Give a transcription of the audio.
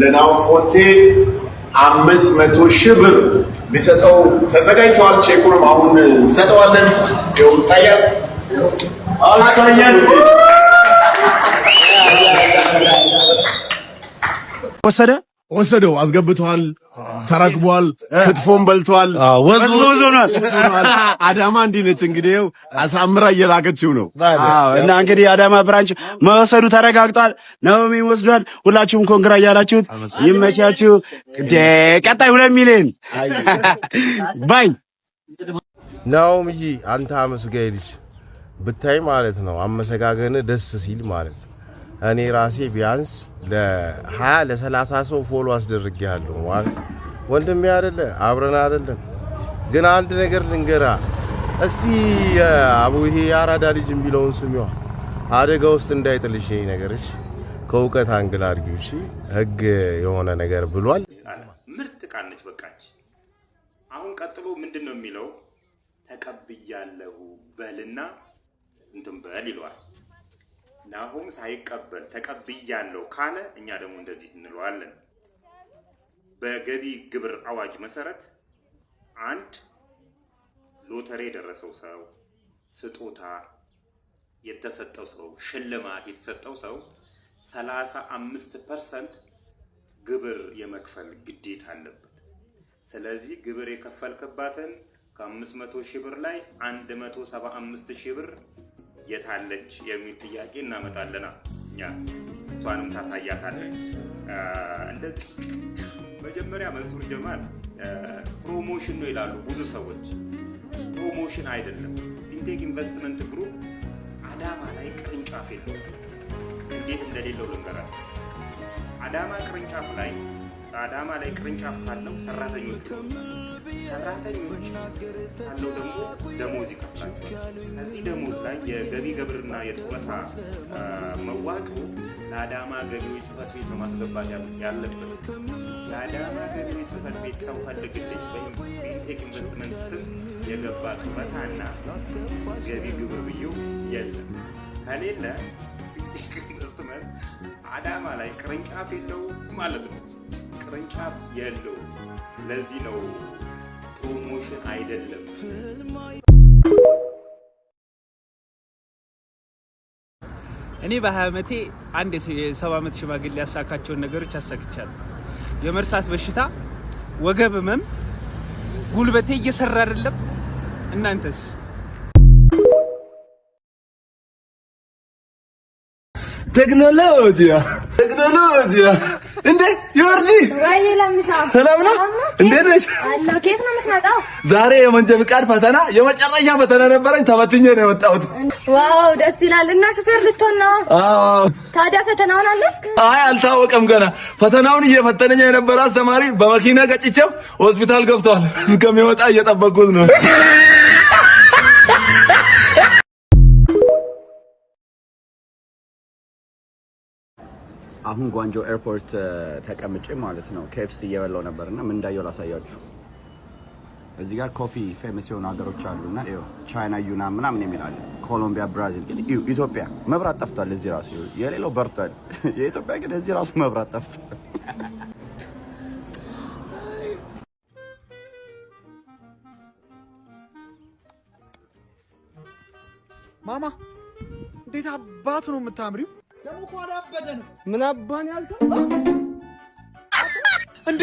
ለናውፎቴ አምስት መቶ ሺህ ብር ሊሰጠው ተዘጋጅተዋል። ቼኩንም አሁን እንሰጠዋለን። ይኸው ይታያል አልታያል ወሰደ ወሰደው፣ አስገብቷል፣ ተረክቧል፣ ክትፎን በልቷል፣ ወዝወዝኗል። አዳማ እንዲህ ነች እንግዲህ አሳምራ እየላከችው ነው እና እንግዲህ አዳማ ብራንች መወሰዱ ተረጋግጧል። ነውም ወስዷል። ሁላችሁም ኮንግራ እያላችሁት ይመቻችሁ። ቀጣይ ሁለት ሚሊዮን ባይ ናውምዬ አንተ አመስጋኝ ልጅ ብታይ ማለት ነው አመሰጋገን ደስ ሲል ማለት ነው እኔ ራሴ ቢያንስ ለ20 ለ30 ሰው ፎሎ አስደርግ ያለሁ ማለት ወንድሜ አይደለ አብረን አይደለም። ግን አንድ ነገር ልንገራ እስቲ አቡ ይሄ የአራዳ ልጅ የሚለውን ስሚዋ አደጋ ውስጥ እንዳይጥልሽ ይሄ ነገርሽ ከእውቀት አንግል አድርጊው። እሺ ህግ የሆነ ነገር ብሏል። ምርጥ ቃነች በቃች። አሁን ቀጥሎ ምንድን ነው የሚለው? ተቀብያለሁ በልና እንትን በል ይለዋል። ናሆም ሳይቀበል ተቀብያለሁ ካለ እኛ ደግሞ እንደዚህ እንለዋለን። በገቢ ግብር አዋጅ መሰረት አንድ ሎተሪ የደረሰው ሰው ስጦታ የተሰጠው ሰው ሽልማት የተሰጠው ሰው ሰላሳ አምስት ፐርሰንት ግብር የመክፈል ግዴታ አለበት። ስለዚህ ግብር የከፈልክባትን ከአምስት መቶ ሺህ ብር ላይ አንድ መቶ ሰባ አምስት ሺህ ብር የታለች የሚል ጥያቄ እናመጣለና እኛ እሷንም ታሳያታለች። እንደዚህ መጀመሪያ መንሱር ጀማል ፕሮሞሽን ነው ይላሉ ብዙ ሰዎች። ፕሮሞሽን አይደለም። ኢንቴክ ኢንቨስትመንት ግሩፕ አዳማ ላይ ቅርንጫፍ የለው። እንዴት እንደሌለው ልንገራል። አዳማ ቅርንጫፍ ላይ አዳማ ላይ ቅርንጫፍ ካለው ሰራተኞች ሰራተኞች ካለው ደግሞ ደሞዝ ይከፍላል። ከዚህ ደሞዝ ላይ የገቢ ግብርና የጡረታ መዋጮ ለአዳማ ገቢዎች ጽሕፈት ቤት በማስገባት ያለበት ለአዳማ ገቢዎች ጽሕፈት ቤት ሰው ፈልግልኝ ወይም ኢንቴክ ኢንቨስትመንት ስም የገባ ጡረታና ገቢ ግብር ብዬው የለም። ከሌለ ኢንቴክ ኢንቨስትመንት አዳማ ላይ ቅርንጫፍ የለው ማለት ነው። ቅርንጫፍ የለውም። ለዚህ ነው ፕሮሞሽን አይደለም። እኔ በሀያ ዓመቴ አንድ የሰባ ዓመት ሽማግሌ ያሳካቸውን ነገሮች አሳክቻለሁ። የመርሳት በሽታ፣ ወገብ ህመም፣ ጉልበቴ እየሰራ አይደለም። እናንተስ? ቴክኖሎጂያ ቴክኖሎጂያ እንዴ ዮርዲ ሰላም ነው? እንዴት ነሽ? ዛሬ የመንጃ ፍቃድ ፈተና የመጨረሻ ፈተና ነበረኝ። ተፈትኜ ነው የወጣሁት። ዋው ደስ ይላል። እና ሹፌር ልትሆን ነው? አዎ። ታዲያ ፈተናውን አለፍክ? አይ አልታወቀም ገና። ፈተናውን እየፈተነኝ የነበረ አስተማሪ በመኪና ገጭቼው ሆስፒታል ገብቷል። እስከሚወጣ እየጠበኩት ነው። አሁን ጓንጆ ኤርፖርት ተቀምጬ ማለት ነው ኬፍሲ እየበላው ነበር እና ምን እንዳየው ላሳያችሁ። እዚህ ጋር ኮፊ ፌመስ የሆኑ ሀገሮች አሉ እና ቻይና፣ ዩናን ምናምን የሚላለ ኮሎምቢያ፣ ብራዚል ግን ኢትዮጵያ መብራት ጠፍቷል። እዚህ ራሱ የሌላው በርቷል። የኢትዮጵያ ግን እዚህ ራሱ መብራት ጠፍቷል። ማማ እንዴት አባቱ ነው የምታምሪው? ደግሞ ኋላ ነው። ምን አባን ያልከው እንዴ?